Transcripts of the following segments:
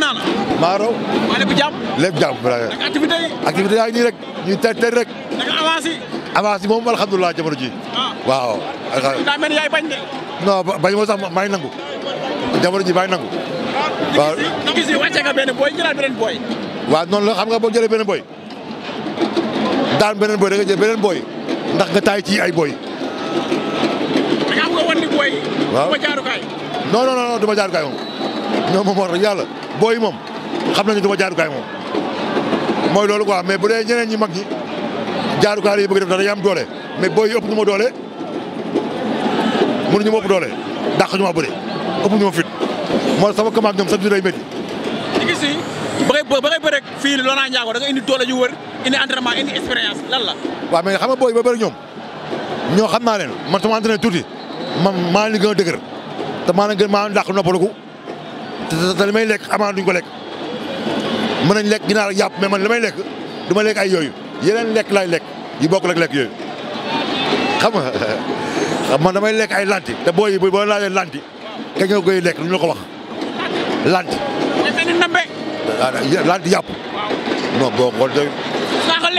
jàmm naa la. maa raw. maa nii rek ñuy teel teel rek. da nga moom alhamdulilah jamono ji. Ah. waaw. daa mel ni yaay bañ de. moo sax maa nangu. jamono ji maa ngi nangu. Ah, waaw ñu gis wàcce booy jëlaat beneen booy. waaw noonu la xam nga boo jëlee beneen booy daan beneen booy da nga jël beneen booy ndax nga taay ci ay booy. da moom. ñoom moom booy moom xam nañu dama jaarukaay moom mooy loolu ko mais bu dee ñeneen ñi mag ñi jaarukaay yi bëgg def dañuy am doole mais booy yi ëpp ñu ma doole mënuñu ma ëpp doole dàq ñu ma bëri ëpp ñu ma fit moo sama commande ñoom sax du day métti. ñu gis ni ba ngay ba ngay fii Laurent Ndiago da indi doole yu wër indi entraînement indi expérience lan la. waaw mais xam nga booy ba bëri ñoom ñoo xam naa leen ma sama entraîné tuuti man maa leen gën a dëgër te maa leen gën maa leen dàq noppaliku te te li may lekk amaana duñ ko lekk mën nañ lekk ginaar ak yàpp mais man li may lekk du ma lekk ay yooyu yeneen lekk laay lekk yi bokk lekk lekk yooyu xam nga man damay lekk ay lanti te booy yi boo laajee lanti kañ nga koy lekk lu la ko wax lanti. lanti yàpp. non boo ko doy. saa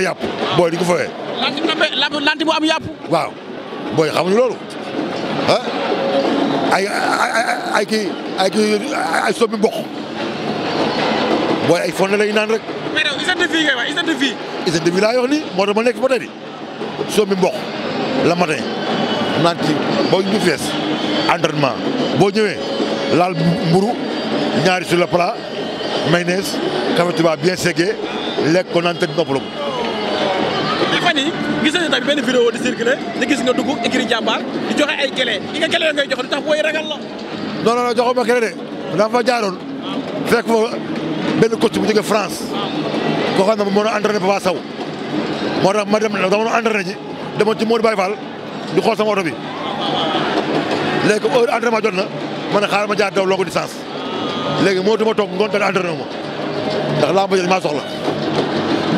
yàpp booy di ko fawee. lanti ndambe lanti am yàpp. waaw booy xamuñu loolu ay ay kii ay kii ay soppi mboq booy ay fonde lay naan rek. mais donc hygiène de vie ngay wax hygiène de vie. laa wax moo tax nekk ba tey nii soppi mboq la matin naan ci boo ñu fees boo ñëwee laal mburu ñaari sur le plat mayonnaise café Touba bien ségué lekk ko naan tëdd fan yi gis benn vidéo di circulé ñu gis nga dugg écrit jàmbaar di joxe ay clé yi nga clé yooyu ngay joxe du tax booy ragal la. non non non joxuma clé de ndax fa jaaroon fekk fa benn coach bu jóge France koo xam ne moo doon entraîné Papa moo tax ma dama doon entraîné ji demoon ci Modou Baye Fall di xool sama oto bi léegi heure entraînement jot na ma ne xaaral jaar daw longue distance léegi moo tuma toog ngoon te entraîné wu ma ndax laa ma maa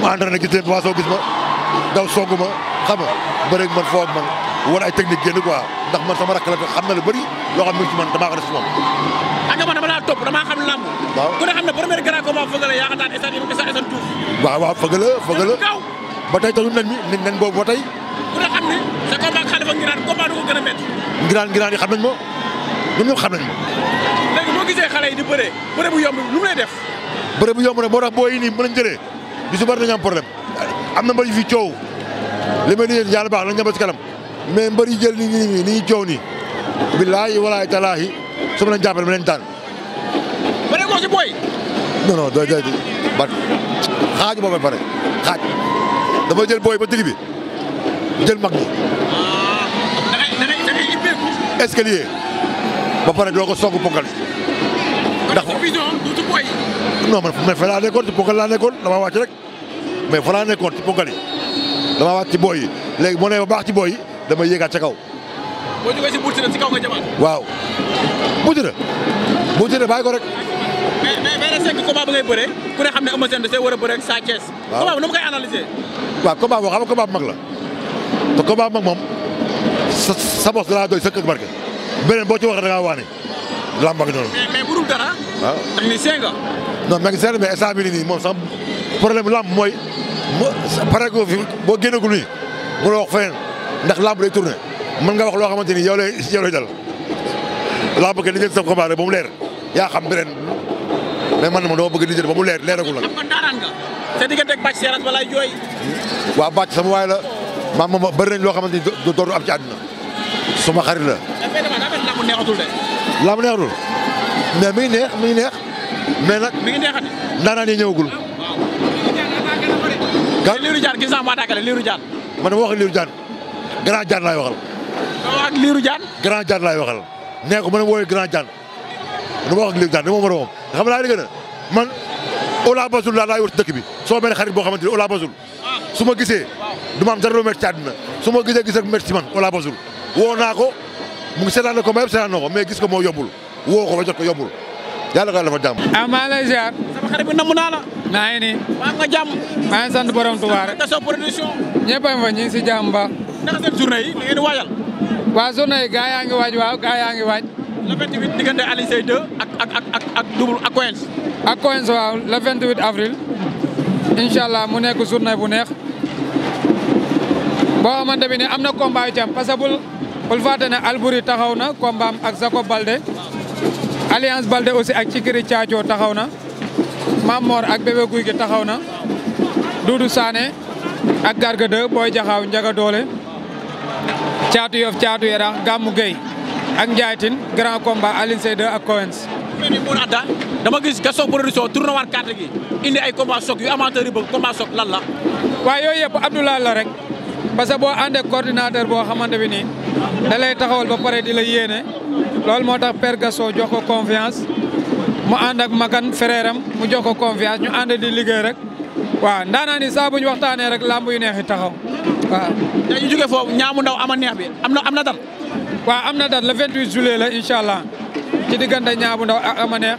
ma entraîné gis daw song ma xam nga bëreeg man foog man war ay technique génn quoi ndax man sama rakk la xam na lu bëri loo xam ne ci man damaa ko def ma moom. ah non dama laa topp damaa xam ne xam ne premier grand combat fëgg la yaakaar naa instant yii instant tuuf. waaw ne xam ne ko gën a yi xam nañ ma xam léegi boo gisee xale yi di bëree bëre bu yomb lu mu lay def. bëre bu yomb rek moo tax boo yi nii mën nañ jëlee di bari dañu am problème am na mbër yu fi coow li may nuyu yàlla baax na ñëpp si kanam mais mbër yi jël ni ñuy ni ñuy coow nii. billaahi walaahi talaahi su ma leen jàppale ma leen daan. bëree ko si booy. non non doo doo ba xaaju boobu ba pare xaaj dama jël booy ba digg bi jël mag ñi. Ah, escalier ba pare doo ko songu ponkal ndax non man fa laa nekkoon ci ponkal laa nekkoon dama wàcc rek. mais fa laa nekkoon ci ponkali damaa wàcc ci booy yi léegi moo ne ma baax ci booy yi damay yéegaat ca kaw. boo jógee si Boutina si kaw nga jamaat. waaw Boutina Boutina bàyyi ko rek. ku ne xam ne Eumeu Sène dafay war a bëree ak Sa Thiès. waaw combat bi nu mu koy analyser. xam ne combat mag la te combat bu mag moom sa sa bopp dalaa doy sa kër barke beneen boo ci wax da ngaa waane làmb nga. non problème lamb moy pare ko fi bo génnagul ni mo wax fa ndax lamb lay tourner man nga wax lo xamanteni yow lay yow lay dal lamb ke li sa combat rek mu leer ya xam benen mais man ma do bëgg di jël ba mu leer leeragul la c'est daanaan ak Bathie Seras wala joy wa Bathie sama way la ma ma bëri nañ loo xamante do doo am ci aduna suma xarit la. lamb neexatul de. lamb neexatul mais mi neex mi neex mais nak mi ngi neexati. ndaanaan yi ga Lirou Diane gis naa mu attaqué la Lirou Diane man dama wax Lirou Diane Grand Diane laay waxal dama wax Lirou Diane Grand Diane laay waxal nee ko ne wooyee Grand Diane a moom xam laa dëgg na man Ola Basul laa laay wër dëkk bi soo mel xarit boo xamante ni Ola Basul ah. su ma gisee du ma am dara lu métti ci àddina su ma gisee gis ak métti ci man Ola Basul woo naa ko mu ngi seetaan na ko ma yëpp na gis ko moo yombul woo ko ba ko yombul yàlla ko yàlla dafa jàmm. Ah, xarit naa la. maa ngi nii. sant borom Tuubaa rek. Gaston production. ñëpp fa ñu si jàmm ba. ndax seen journée yi li ngeen waaw gaa yaa ngi waaj waaw gaa yaa ngi waaj. avril. incha mu nekk journée bu neex. boo xamante bi am na combat yu ci am parce que bul taxaw na combat ak Jacob Balde. Alliance Balde aussi ak Cikiri Caajo taxaw na. Mame ak Bébé Gouy Gui taxaw na Doudou Sané ak Garga 2 Boy Jaxaaw Njaga Doole Caatu Yof Caatu Yarax Gammu Gueye ak Ndiaye Tine grand combat Alioune Seye 2 ak Coens dama gis Gaston gi indi ay combat soog yu amateur yi bëgg combat soog lan la waaye yooyu yëpp Abdoulaye la rek parce que boo ànd ak boo xamante bi nii da lay taxawal ba di la yéene loolu moo tax Père Gaston jox ko confiance mu and ak magan frère mu jox ko confiance ñu and di liguey rek wa ndana ni sa buñ waxtane rek lamb yu neexi taxaw wa dañu jóge fofu ñaamu ndaw ama neex bi amna amna dal wa amna dal le 28 juillet la inshallah ci diggante ñaamu ndaw ak ama neex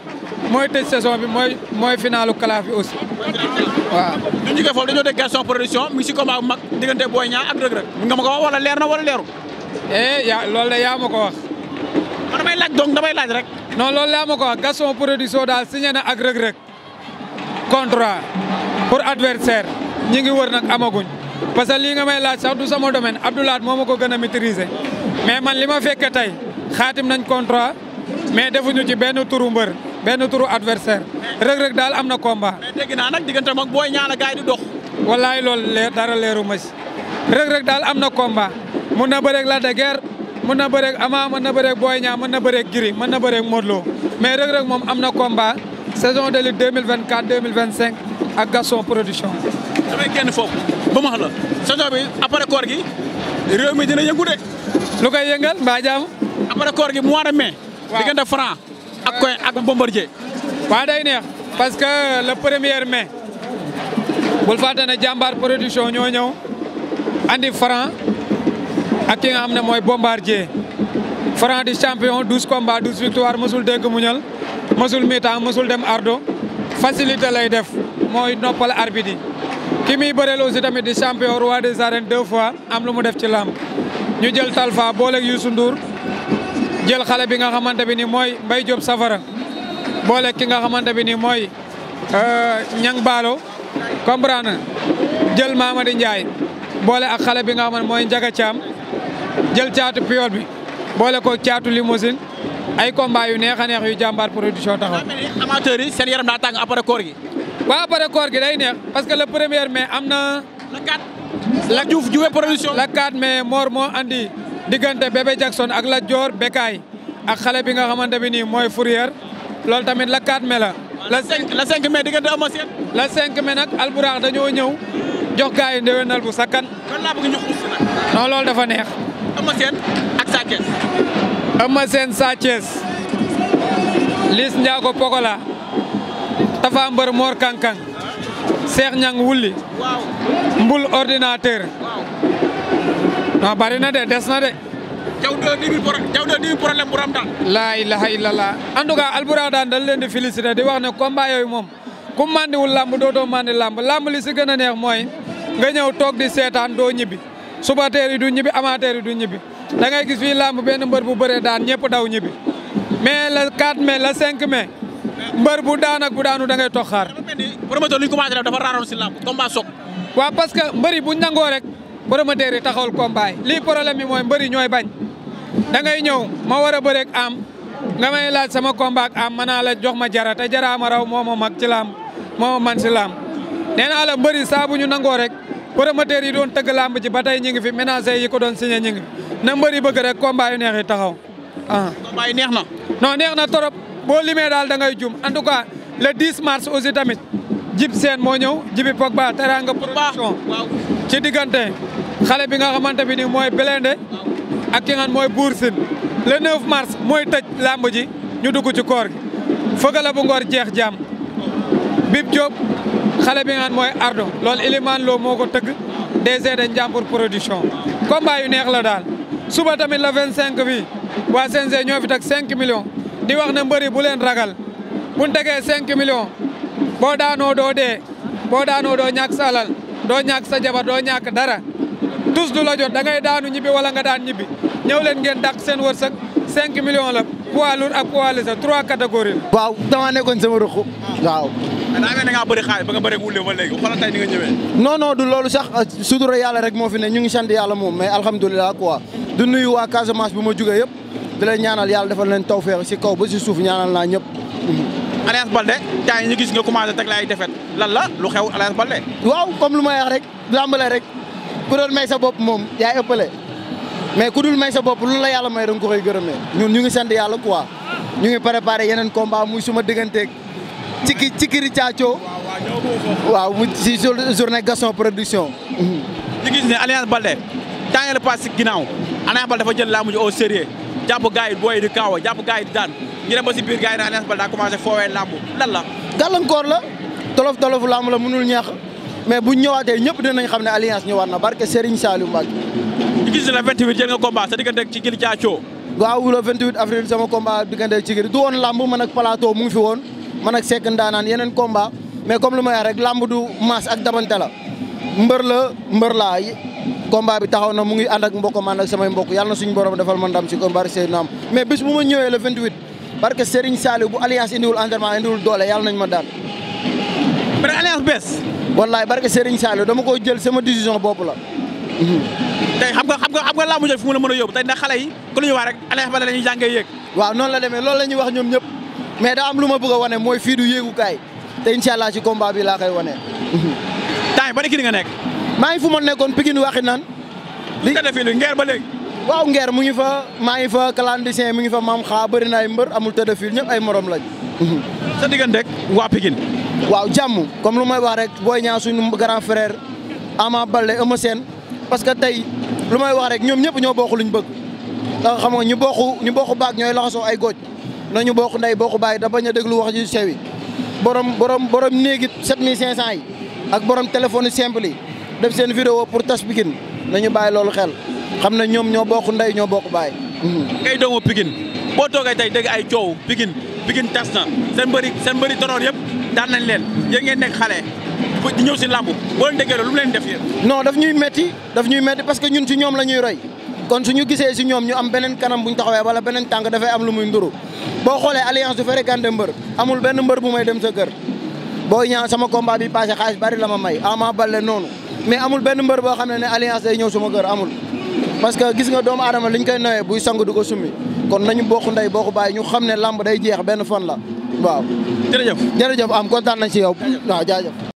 moy tëj saison bi moy moy finalu kalaaf bi aussi wa duñu jóge fofu dañu de Gaston production mi ci combat bu mag diggante Boy Niang ak Reug Reug mun nga mako wala leer na wala leeru. eh ya loolu de yaa ma wax. man damay laaj donc damay laaj rek. non loolu laa ma ko wax Gaston Production daal signé na ak Reug Reug contrat pour adversaire ñi ngi wër nag amaguñ parce que lii nga may laaj sax du sama domaine Abdoulaye moo ma ko gën a maîtriser mais man li ma fekke tey xaatim nañ contrat mais defuñu ci benn turu mbër benn turu adversaire Reug daal am na combat. mais dégg nag diggante mag booy ñaan gaay di dox. wallaay loolu leer dara leeru ma si daal am na combat mun na bëreeg la de mën na bëreeg Ama mën na bëreeg Boy Niang mën na bëreeg Gris mën na bëreeg Modou Lo mais Reug Reug moom am na combat saison de lutte 2024 2025 ak Gaston production. damay kenn foofu ba ma xam la bi après koor gi réew mi dina yëngu de. lu koy yëngal mbaa jaam. après koor gi mois de mai. waaw diggante Franc ak koy ak Bombardier. waaw day neex parce que le premier mai bul fàtte ne jàmbaar production ñoo ñëw andi Franc. ak nga xamne moy Bombardier Franc di champion 12 combat 12 victoire musul dégg mu ñal musul mita musul dem ardo facilité lay def moy noppal arbitre yi ki aussi tamit di champion roi des arènes deux fois am lu mu def ci lam ñu jël Talfa booleeg Youssou Ndour jël xalé bi nga xamante bi ni moy mbay job Safara booleeg ki nga xamante bi ni mooy Ñang euh, balo comprendre jël Mamadi Ndiaye boole ak xalé bi nga xamante moy Njaga cham jël caatu piyool bi boole ko caatu limousine ay combat yu neex a neex yu jàmbaar production taxaw. amateur yi seen yaram daa tàng après koor gi. waaw day neex parce que la premier mais am na. le la Diouf Diouf production. le 4 mai Mor moo andi diggante Bébé Jackson ak la joor Bekaay ak xale bi nga xamante bi nii mooy Fourier loolu tamit la 4 mai la. le 5 le 5 mai diggante Eumeu Sène. le 5 mai nag Alburax dañoo ñëw jox gars yi ndéwénal bu sakkan. loolu laa loolu dafa neex. Eumeu Sène ak Sa Thiès. Eumeu Ndiago Pokola Tafa Mbër Mor Kankang Cheikh Niang Wulli Mbul ordinateur non bari na de des na de. jaww de dix mille jaww de dix mille problème bu ram daal. laa ilaha illallah en tout cas Albourahane dañ leen di féliciter di wax ne combat yooyu moom ku mandiwul làmb dootoo mandi làmb làmb li si gën neex mooy nga ñëw toog di seetaan do ñibbi supporters yi du ñibbi amateurs yi du ñibbi da ngay gis fi lamb benn mbeur bu bëree daan ñepp daw ñibi mais le 4 mai le 5 mai mbeur bu daan ak bu daanu da ngay toxar xaar. promoteur li ñu commencé def dafa raron ci lamb combat sok wa parce que mbeuri bu ñango rek promoteur yi taxawul combat li problème bi moy mbeuri ñoy bañ da ngay ñew ma wara a bëreeg am nga may laaj sama combat ak am mën la jox ma jara te ma raw momo mak ci lamb momo man ci lamb neena ala mbeuri sa bu ñu nango rek. wara promoteurs yi doon tëgg làmb ji ba tey ñu ngi fi ménager yi ko doon signé ñu ngi na mbër yi bëgg rek combat yu neex yi taxaw ah. combat yi neex na. non neex na trop boo limee daal da ngay jum en tout cas le 10 mars aussi tamit Jib Seen moo ñëw Jibi Pogba Teranga production ci diggante xale bi nga xamante bi ni mooy de ak ki mooy Bour Sine le 9 mars mooy tëj làmb ji ñu dugg ci koor gi fëgala bu ngoor jeex jàmm Bib Diop xale bi nga mooy Ardo lool Ilimane Lo moo ko tëgg DG de Njàmbur production combat yu neex la daal suba tamit la 25 bi waa CNG ñoo fi teg 5 millions di wax ne mbëri bu leen ragal bu ñu tegee 5 boo daanoo doo dee boo daanoo doo ñàkk sa doo ñàkk sa jabar doo ñàkk dara tous du la jot da ngay daanu ñibbi wala nga daan ñibbi ñëw leen ngeen dàq seen wërsëg 5 millions la poids lourd ak poids léger 3 catégories waaw damaa nekkoon sama ruq waaw. mais daa mel ne nga bëri xaalis ba nga bëri wule ba léegi xoolal tey ni nga ñëwee. non du loolu sax euh, sutura yàlla rek moo fi ne ñu ngi sant yàlla moom mais alhamdulilah quoi du nuyu waa Casamance bu ma jugee yëpp di leen ñaanal yàlla defal leen tawféex si kaw ba si suuf ñaanal naa ñëpp. Mm-hmm. Alliance Baldé temps yi ñu gis nga commencé teg la ay defet lan la lu xew Alliance Baldé. waaw comme lu may wax rek làmbale rek ku doon may sa bopp moom yaay ëppale mais ku dul may sa bopp lu la yàlla may da nga ko koy gërëmee ñun ñu ngi sant yàlla ñu ngi préparé yeneen combat muy suma digganteeg Cikki Cikiri Thiaco. waaw mu si journée Gaston production. ñu gis ne Alliance Baldé temps yële pass si ginnaaw Alliance Baldé dafa jël laamu ba si biir gars yi ne Alliance Baldé daa commencé foowee laamu lan la. gàllankoor la tolof tolofu laamu la mënul ñeex mais bu ñëwaatee ñëpp dinañ xam ne Alliance ñëwaat na barke Serigne Saliou Mbacke. ñu gis ne la 28 jël nga combat du woon làmb man ak Plateau mu ngi fi woon. man ak Seck ndaanaan yenen combat mais comme lu ma rek làmb du maas ak dabante la mbeur la mbeur la combat bi taxaw na mu ngi and ak mbokk man ak samay mbok yalla suñu borom defal ma ndam ci combat Seydina am mais bis bu ma le 28 parce Serigne Saliou bu alliance indiwul entraînement indiwul doole yalla nañ ma daan. mais alliance bes wallahi barke Serigne Saliou dama ko jël sama décision bopp la. tay xam nga xam nga xam nga laa jël fu mu la mën a tay na xalé yi ku lu ñu wax rek alliance ba la ñuy jàngee yek waaw non la démé lool la wax ñom ñëpp. mais daa am lu ma bëgg a wane mooy fii du yéegukaay te incha allah ci combat bi laa koy wane. temps yii ban équipe nga nekk. maa ngi fu ma nekkoon Pikine waxi naan. li nga def fii ngeer ba léegi. waaw ngeer mu ngi fa maa ngi fa clandestin mu ngi fa maam xaa bëri na ay mbër amul tëdd fii ñëpp ay morom lañ. sa digganteeg waa Pikine. waaw jàmm comme lu may wax rek booy ñaa suñu grand frère Ama Baldé Eumeu seen parce que tey lu may wax rek ñoom ñëpp ñoo bokk luñ bëgg. da nga xam nga ñu bokk ñu bokk baag ñooy laxasoo ay góoj nañu bokk ndey bokk bàyyi da bañ a déglu wax ju sew yi borom borom borom néegi 7500 yi ak borom téléphone simple yi def seen vidéo pour tas Pikine nañu baay loolu xel xam na ñoom ñoo bokk ndey ñoo bokk bàyyi. Mhm. ngay doomu Pikine boo toogee tey dégg ay coow Pikine Pikine tas na seen mbëri seen mbëri toroor yëpp daan nañ leen yéen ngeen nekk xale di ñëw si làmb boo leen déggee lu mu leen def yéen. no daf ñuy metti daf ñuy metti parce que ñun si ñoom la ñuy roy. kon su ñu gisee si ñoom ñu am beneen kanam bu ñu taxawee wala beneen tàng dafay am lu muy nduru boo xoolee alliance du ferekante mbër amul benn mbër bu may dem sa kër boo ñaan sama combat bi passé xaalis bari la ma may Ama Baldé noonu mais amul benn mbër boo xam ne ne alliance day ñëw sama gër amul parce que gis nga doomu aadama li ñu koy nawee buy sang du ko summi kon nañu bokku ndey bokku bàyyi ñu xam ne làmb day jeex benn fan la waaw jërëjëf jërëjëf am kontaan nañ si yow waaw jaajëf